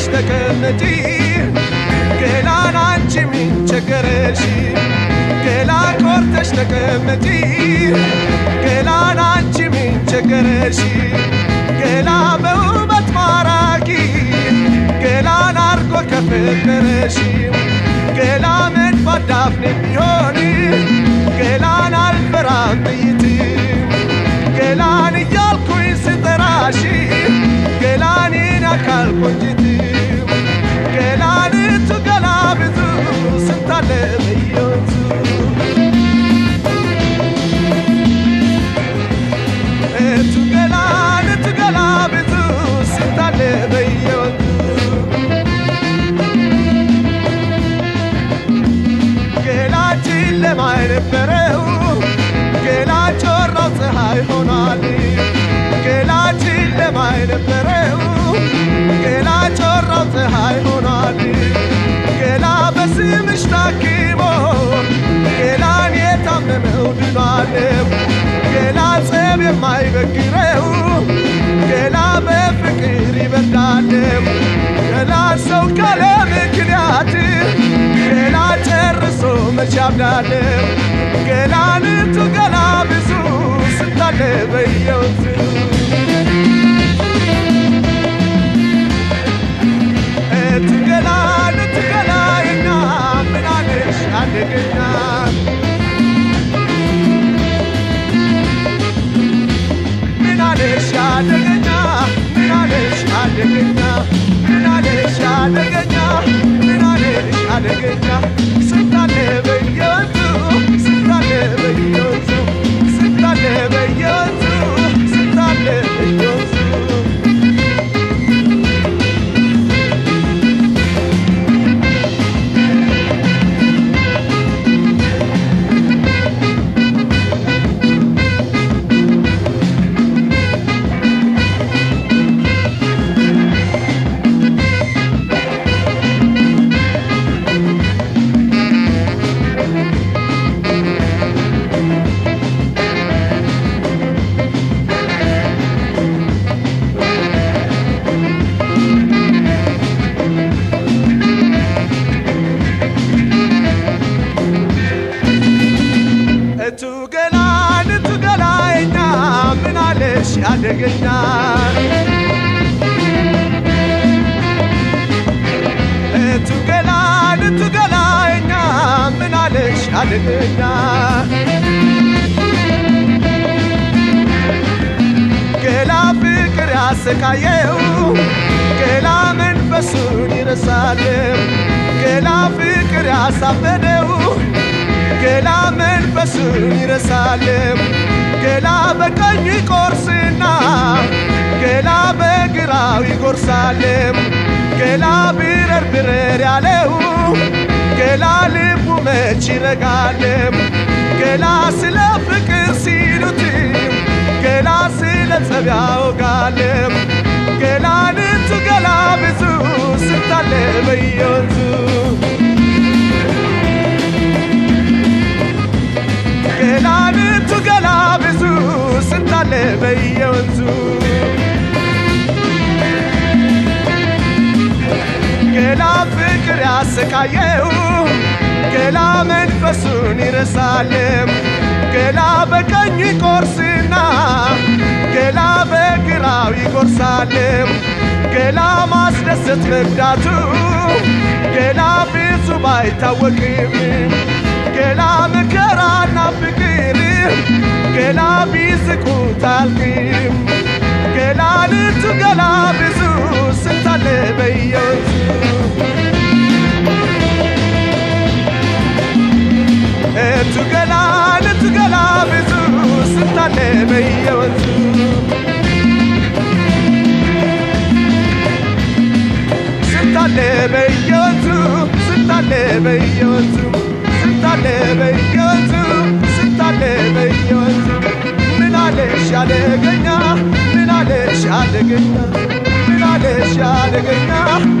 ብለሽ ተቀመጪ ገላን አንቺ ምን ቸገረሽ ገላን ቆርተሽ ተቀመጪ ገላን አንቺ ምን ገላ በውበት ማራኪ ገላን አርጎ ከፈጠረሽ ገላ መድፋት ዳፍኔ ቢሆን ገላን አልፈራም ጥይት ገላን እያልኩኝ ስጠራሽ ገላኔን አካል ቆንጅት የማይበግረው ገላ በፍቅር ይበልጣለው ገላ ሰው ካለ ምክንያት ገላ ጨርሶ መቼ አምናለው ገላ ብዙ ስታለ አደገኛ ምን አለሽ አደገኛ ምን አለሽ አደገኛ ምን አለሽ አደገኛ ሆንንና ገላ ፍቅር ያሰቃየው ገላ መንፈሱን ይረሳል ገላ ፍቅር ያሳፈደው! ገላ መንፈሱን ይረሳል ገላ በቀኝ ይቆርስና ገላ በግራው ይጎርሳል ገላ ብረር ብረር ያለው ገላ ልቡ መች ይረጋለም ገላ ስለ ፍቅር ሲሉት ገላ ስለ ጸብ ያወጋለም ገላ ንቱ ገላ ብዙ ስታለ በየወንዙ ገላ ንቱ ገላ ብዙ ስታለ በየወንዙ ገላ ፍቅር ያሰቃየው ገላ መንፈሱን ይረሳል። ገላ በቀኙ ይቆርስና ገላ በግራው ይቆርሳል። ገላ ማስደሰት መግዳቱ ገላ ብዙ ባይታወቅም ገላ መከራና ፍቅር ገላ ቢዝቁታልም ገላ ልትገ በየወቅቱ ስታለ በየወቅቱ ስታለ በየወቅቱ ስታለ በየወቅቱ ስታለ በየወቅቱ ምን አለሽ አደገኛ ምን